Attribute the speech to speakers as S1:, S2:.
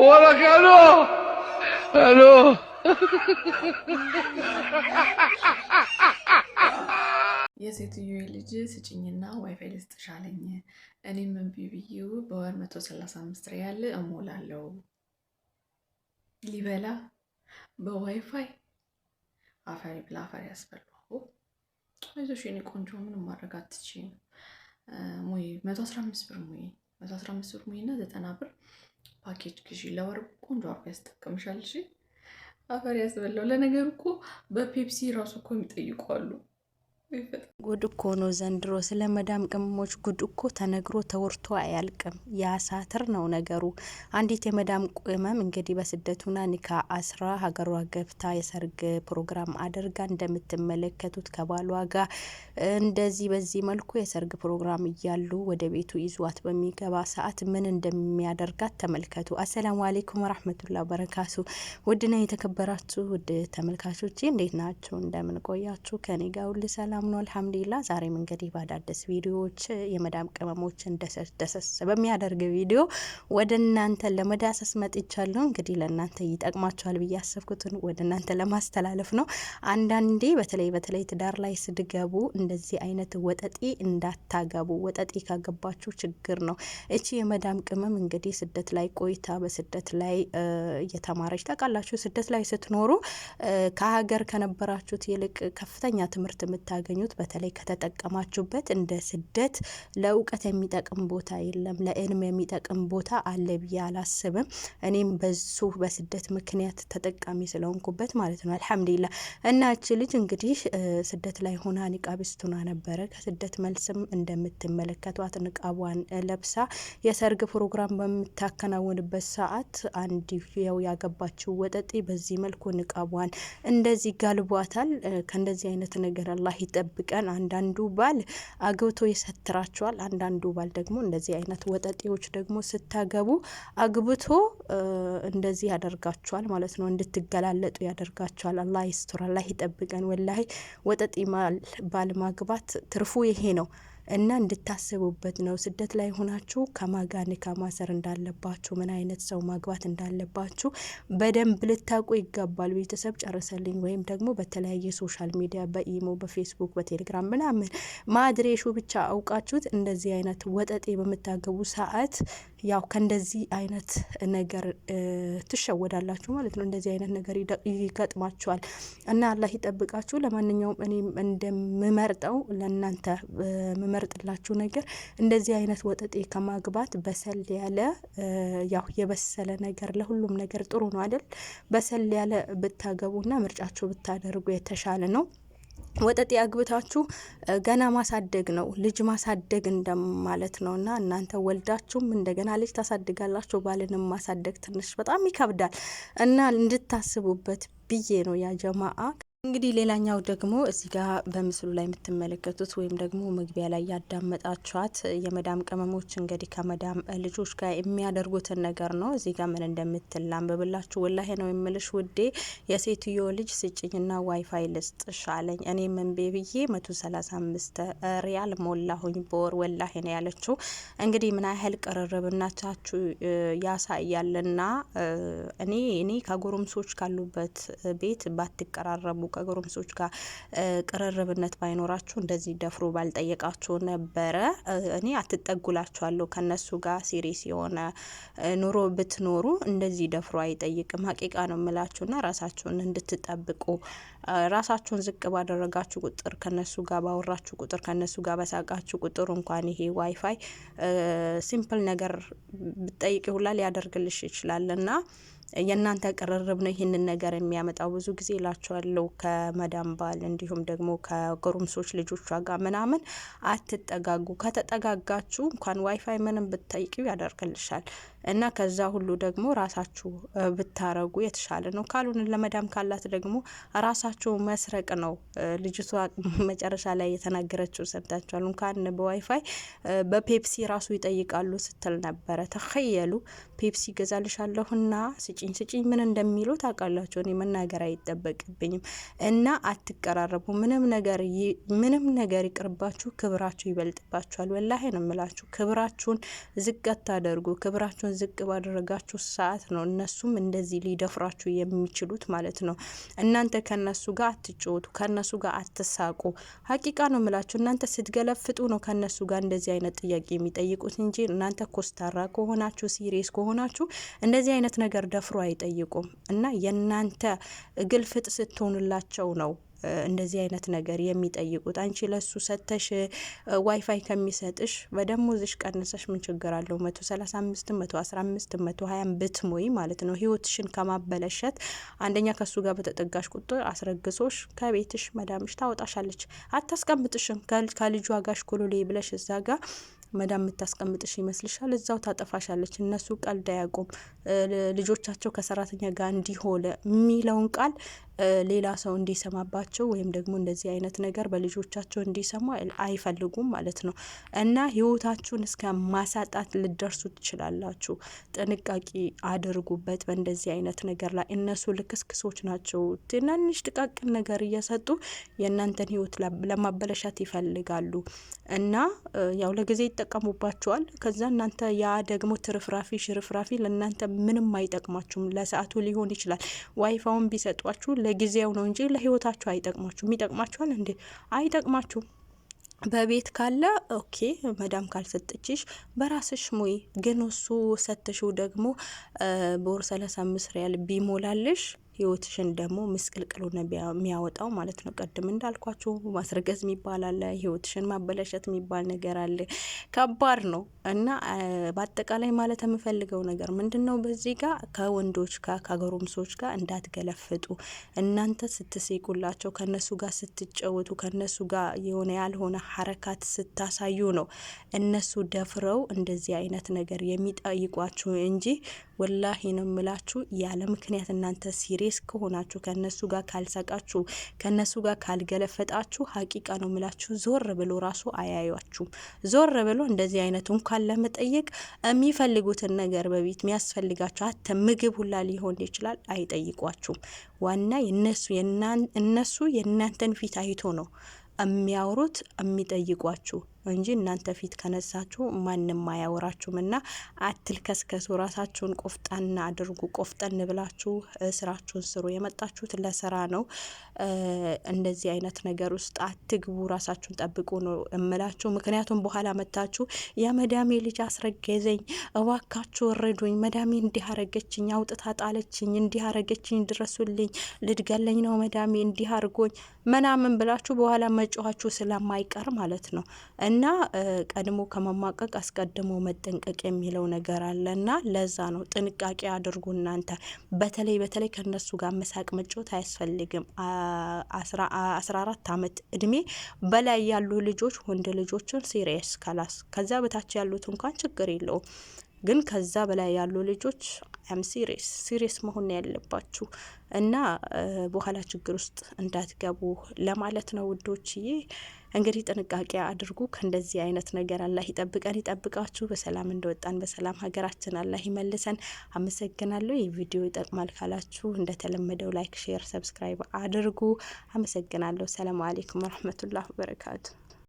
S1: ولك الو الو
S2: የሴትዮ ልጅ ስጭኝና ዋይፋይ ልስጥሽ አለኝ። እኔም እምቢ ብዬው በወር 135 ሪያል እሞላለሁ። ሊበላ በዋይፋይ አፈሪ ብላ አፈሪ ያስበላሁ። አይዞሽ የኔ ቆንጆ ምንም ማድረግ አትችይም። ሙይ 115 ብር ሙይ 115 ብር ሙይና ዘጠና ብር ፓኬጅ ግዢ ለወር ቆንጆ አርጎ ያስጠቅምሻል። እሺ አፈር ያስበላው። ለነገሩ እኮ በፔፕሲ ራሱ እኮ የሚጠይቁ አሉ።
S3: ጉድ እኮ ነው ዘንድሮ። ስለ መዳም ቅመሞች ጉድ እኮ ተነግሮ ተወርቶ አያልቅም። ያሳትር ነው ነገሩ። አንዲት የመዳም ቅመም እንግዲህ በስደቱና ኒካ አስራ ሀገሯ ገብታ የሰርግ ፕሮግራም አድርጋ እንደምትመለከቱት ከባሏ ጋር እንደዚህ በዚህ መልኩ የሰርግ ፕሮግራም እያሉ ወደ ቤቱ ይዟት በሚገባ ሰዓት ምን እንደሚያደርጋት ተመልከቱ። አሰላሙ አሌይኩም ወራህመቱላ በረካቱ። ውድና የተከበራችሁ ውድ ተመልካቾች እንዴት ናቸው? እንደምን ቆያችሁ? ከኔ ጋር ሰላም ሰላም ነው አልሐምዱሊላ። ዛሬም እንግዲህ በአዳዲስ ቪዲዮዎች የመዳም ቅመሞችን ደሰስ በሚያደርግ ቪዲዮ ወደ እናንተ ለመዳሰስ መጥቻለሁ። እንግዲህ ለእናንተ ይጠቅማቸዋል ብዬ ያሰብኩትን ወደ እናንተ ለማስተላለፍ ነው። አንዳንዴ በተለይ በተለይ ትዳር ላይ ስድገቡ እንደዚህ አይነት ወጠጤ እንዳታገቡ። ወጠጤ ካገባችሁ ችግር ነው። እቺ የመዳም ቅመም እንግዲህ ስደት ላይ ቆይታ በስደት ላይ እየተማረች ታውቃላችሁ። ስደት ላይ ስትኖሩ ከሀገር ከነበራችሁት ይልቅ ከፍተኛ ትምህርት የምታገኙ የምታገኙት። በተለይ ከተጠቀማችሁበት እንደ ስደት ለእውቀት የሚጠቅም ቦታ የለም፣ ለእልም የሚጠቅም ቦታ አለ ብዬ አላስብም። እኔም በሱ በስደት ምክንያት ተጠቃሚ ስለሆንኩበት ማለት ነው አልሐምዱሊላ። እና እቺ ልጅ እንግዲህ ስደት ላይ ሆና ኒቃብ ስቱና ነበረ። ከስደት መልስም እንደምትመለከቷት ንቃቧን ለብሳ የሰርግ ፕሮግራም በምታከናውንበት ሰዓት አንድ ያው ያገባችው ወጠጤ በዚህ መልኩ ንቃቧን እንደዚህ ጋልቧታል። ከእንደዚህ አይነት ነገር አላህ ይጠ ይጠብቀን። አንዳንዱ ባል አግብቶ ይሰትራቸዋል። አንዳንዱ ባል ደግሞ እንደዚህ አይነት ወጠጤዎች ደግሞ ስታገቡ አግብቶ እንደዚህ ያደርጋቸዋል ማለት ነው። እንድትገላለጡ ያደርጋቸዋል። አላህ ይስቱር፣ አላህ ይጠብቀን። ወላሂ ወጠጤ ባል ማግባት ትርፉ ይሄ ነው። እና እንድታስቡበት ነው። ስደት ላይ ሆናችሁ ከማጋኔ ከማሰር እንዳለባችሁ፣ ምን አይነት ሰው ማግባት እንዳለባችሁ በደንብ ልታውቁ ይገባል። ቤተሰብ ጨርሰልኝ ወይም ደግሞ በተለያየ ሶሻል ሚዲያ በኢሞ፣ በፌስቡክ፣ በቴሌግራም ምናምን ማድሬሹ ብቻ አውቃችሁት እንደዚህ አይነት ወጠጤ በምታገቡ ሰዓት ያው ከእንደዚህ አይነት ነገር ትሸወዳላችሁ ማለት ነው። እንደዚህ አይነት ነገር ይገጥማችኋል እና አላህ ይጠብቃችሁ። ለማንኛውም እኔም እንደምመርጠው ለእናንተ የምመርጥላችሁ ነገር እንደዚህ አይነት ወጠጤ ከማግባት በሰል ያለ ያው የበሰለ ነገር ለሁሉም ነገር ጥሩ ነው አይደል? በሰል ያለ ብታገቡና ምርጫችሁ ብታደርጉ የተሻለ ነው። ወጠጤ አግብታችሁ ገና ማሳደግ ነው፣ ልጅ ማሳደግ እንደማለት ነው። እና እናንተ ወልዳችሁም እንደገና ልጅ ታሳድጋላችሁ፣ ባልንም ማሳደግ ትንሽ በጣም ይከብዳል እና እንድታስቡበት ብዬ ነው ያ ጀማአ እንግዲህ ሌላኛው ደግሞ እዚህ ጋር በምስሉ ላይ የምትመለከቱት ወይም ደግሞ መግቢያ ላይ ያዳመጣችኋት የመዳም ቅመሞች እንግዲህ ከመዳም ልጆች ጋር የሚያደርጉትን ነገር ነው። እዚህ ጋር ምን እንደምትል ላንብብላችሁ። ወላሄ ነው የምልሽ ውዴ፣ የሴትዮ ልጅ ስጭኝና ዋይፋይ ልስጥሽ አለኝ። እኔ መንቤ ብዬ መቶ ሰላሳ አምስት ሪያል ሞላሁኝ በወር ወላሄ ነው ያለችው። እንግዲህ ምን ያህል ቅርርብናቻችሁ ያሳያልና እኔ እኔ ከጎረምሶች ካሉበት ቤት ባትቀራረቡ ከጎረምሶች ጋር ቅርርብነት ባይኖራችሁ እንደዚህ ደፍሮ ባልጠየቃችሁ ነበረ። እኔ አትጠጉላችኋለሁ። ከነሱ ጋር ሲሪስ የሆነ ኑሮ ብትኖሩ እንደዚህ ደፍሮ አይጠይቅም። ሀቂቃ ነው የምላችሁና ራሳችሁን እንድትጠብቁ ራሳችሁን ዝቅ ባደረጋችሁ ቁጥር ከነሱ ጋር ባወራችሁ ቁጥር ከነሱ ጋር በሳቃችሁ ቁጥር እንኳን ይሄ ዋይፋይ ሲምፕል ነገር ብጠይቅ ይሁላል ሊያደርግልሽ ይችላል እና የእናንተ ቅርርብ ነው ይህንን ነገር የሚያመጣው። ብዙ ጊዜ ላቸዋለው ከመዳም ባል እንዲሁም ደግሞ ከጎረምሶች ልጆቿ ጋር ምናምን አትጠጋጉ። ከተጠጋጋችሁ እንኳን ዋይፋይ ምንም ብትጠይቂው ያደርግልሻል እና ከዛ ሁሉ ደግሞ ራሳችሁ ብታረጉ የተሻለ ነው። ካልሆነ ለመዳም ካላት ደግሞ ራሳችሁ መስረቅ ነው። ልጅቷ መጨረሻ ላይ የተናገረችው ሰምታችኋል። እንኳን በዋይፋይ በፔፕሲ ራሱ ይጠይቃሉ ስትል ነበረ። ተኸየሉ ፔፕሲ ገዛልሻለሁና ስጭ ስጭኝ ስጭኝ ምን እንደሚሉ ታውቃላችሁ። እኔ መናገር አይጠበቅብኝም እና አትቀራረቡ። ምንም ነገር ምንም ነገር ይቅርባችሁ፣ ክብራችሁ ይበልጥባችኋል። ወላሂ ነው የምላችሁ። ክብራችሁን ዝቅ አታደርጉ። ክብራችሁን ዝቅ ባደረጋችሁ ሰዓት ነው እነሱም እንደዚህ ሊደፍራችሁ የሚችሉት ማለት ነው። እናንተ ከነሱ ጋር አትጫወቱ፣ ከነሱ ጋር አትሳቁ። ሀቂቃ ነው የምላችሁ። እናንተ ስትገለፍጡ ነው ከነሱ ጋር እንደዚህ አይነት ጥያቄ የሚጠይቁት እንጂ እናንተ ኮስታራ ከሆናችሁ ሲሪየስ ከሆናችሁ እንደዚህ አይነት ነገር ደፍ አፍሮ አይጠይቁም እና የእናንተ ግልፍጥ ስትሆኑላቸው ነው እንደዚህ አይነት ነገር የሚጠይቁት አንቺ ለሱ ሰተሽ ዋይፋይ ከሚሰጥሽ በደሞዝሽ ቀንሰሽ ምን ችግር አለው? መቶ ሰላሳ አምስት መቶ አስራ አምስት መቶ ሀያም ብትሞይ ማለት ነው ህይወትሽን ከማበለሸት አንደኛ ከሱ ጋር በተጠጋሽ ቁጥር አስረግሶሽ ከቤትሽ መዳምሽ ታወጣሻለች። አታስቀምጥሽም። ከልጇ ጋሽ ኮሎሌ ብለሽ እዛ ጋር መዳም የምታስቀምጥሽ ይመስልሻል? እዛው ታጠፋሻለች። እነሱ ቀልድ አያውቁም። ልጆቻቸው ከሰራተኛ ጋር እንዲሆለ የሚለውን ቃል ሌላ ሰው እንዲሰማባቸው ወይም ደግሞ እንደዚህ አይነት ነገር በልጆቻቸው እንዲሰሙ አይፈልጉም ማለት ነው። እና ህይወታችሁን እስከ ማሳጣት ልደርሱ ትችላላችሁ። ጥንቃቄ አድርጉበት በእንደዚህ አይነት ነገር ላይ። እነሱ ልክስክሶች ናቸው። ትናንሽ ጥቃቅን ነገር እየሰጡ የእናንተን ህይወት ለማበለሻት ይፈልጋሉ። እና ያው ለጊዜ ይጠቀሙባቸዋል። ከዛ እናንተ ያ ደግሞ ትርፍራፊ ሽርፍራፊ ለእናንተ ምንም አይጠቅማችሁም። ለሰዓቱ ሊሆን ይችላል ዋይፋውን ቢሰጧችሁ ለጊዜው ነው እንጂ ለህይወታችሁ አይጠቅማችሁም። ይጠቅማችኋል እንዴ? አይጠቅማችሁም። በቤት ካለ ኦኬ መዳም ካልሰጠችሽ በራስሽ ሙይ። ግን እሱ ሰተሽው ደግሞ በወር ሰላሳ አምስት ሪያል ቢሞላልሽ ህይወትሽን ደግሞ ምስቅልቅሉ የሚያወጣው ማለት ነው። ቀድም እንዳልኳችሁ ማስረገዝ የሚባል አለ፣ ህይወትሽን ማበላሸት የሚባል ነገር አለ። ከባድ ነው እና በአጠቃላይ ማለት የምፈልገው ነገር ምንድን ነው? በዚህ ጋር ከወንዶች ጋር ከጎረምሶች ጋር እንዳትገለፍጡ። እናንተ ስትስቁላቸው፣ ከነሱ ጋር ስትጫወቱ፣ ከነሱ ጋር የሆነ ያልሆነ ሀረካት ስታሳዩ ነው እነሱ ደፍረው እንደዚህ አይነት ነገር የሚጠይቋችሁ እንጂ ወላሂ ነው የምላችሁ ያለ ምክንያት እናንተ ሲሪ ዴስ ከሆናችሁ ከነሱ ጋር ካልሳቃችሁ ከነሱ ጋር ካልገለፈጣችሁ ሀቂቃ ነው ምላችሁ ዞር ብሎ ራሱ አያዩችሁም። ዞር ብሎ እንደዚህ አይነት እንኳን ለመጠየቅ የሚፈልጉትን ነገር በቤት የሚያስፈልጋቸው አተ ምግብ ሁላ ሊሆን ይችላል አይጠይቋችሁም። ዋና የነሱ እነሱ የእናንተን ፊት አይቶ ነው የሚያወሩት የሚጠይቋችሁ ነው እንጂ እናንተ ፊት ከነሳችሁ ማንም አያወራችሁም። እና አትልከስከሱ፣ ራሳችሁን ቆፍጠን አድርጉ። ቆፍጠን ብላችሁ ስራችሁን ስሩ። የመጣችሁት ለስራ ነው። እንደዚህ አይነት ነገር ውስጥ አትግቡ። ራሳችሁን ጠብቁ ነው እምላችሁ። ምክንያቱም በኋላ መታችሁ የመዳሜ ልጅ አስረገዘኝ፣ እባካችሁ እርዱኝ፣ መዳሜ እንዲህ አረገችኝ፣ አውጥታ ጣለችኝ፣ እንዲህ አረገችኝ፣ ድረሱልኝ፣ ልድገለኝ ነው መዳሜ እንዲህ አርጎኝ ምናምን ብላችሁ በኋላ መጮኋችሁ ስለማይቀር ማለት ነው እና ቀድሞ ከመማቀቅ አስቀድሞ መጠንቀቅ የሚለው ነገር አለ እና ለዛ ነው ጥንቃቄ አድርጉ። እናንተ በተለይ በተለይ ከነሱ ጋር መሳቅ መጫወት አያስፈልግም። አስራ አራት አመት እድሜ በላይ ያሉ ልጆች ወንድ ልጆችን ሲሪየስ ከላስ ከዚያ በታች ያሉት እንኳን ችግር የለውም። ግን ከዛ በላይ ያሉ ልጆች አም ሲሪየስ ሲሪየስ መሆን ያለባችሁ እና በኋላ ችግር ውስጥ እንዳትገቡ ለማለት ነው ውዶችዬ። እንግዲህ ጥንቃቄ አድርጉ። ከእንደዚህ አይነት ነገር አላህ ይጠብቀን፣ ይጠብቃችሁ። በሰላም እንደወጣን በሰላም ሀገራችን አላህ ይመልሰን። አመሰግናለሁ። ይህ ቪዲዮ ይጠቅማል ካላችሁ እንደተለመደው ላይክ፣ ሼር፣ ሰብስክራይብ አድርጉ። አመሰግናለሁ። ሰላም አሌይኩም ወረህመቱላህ በረካቱ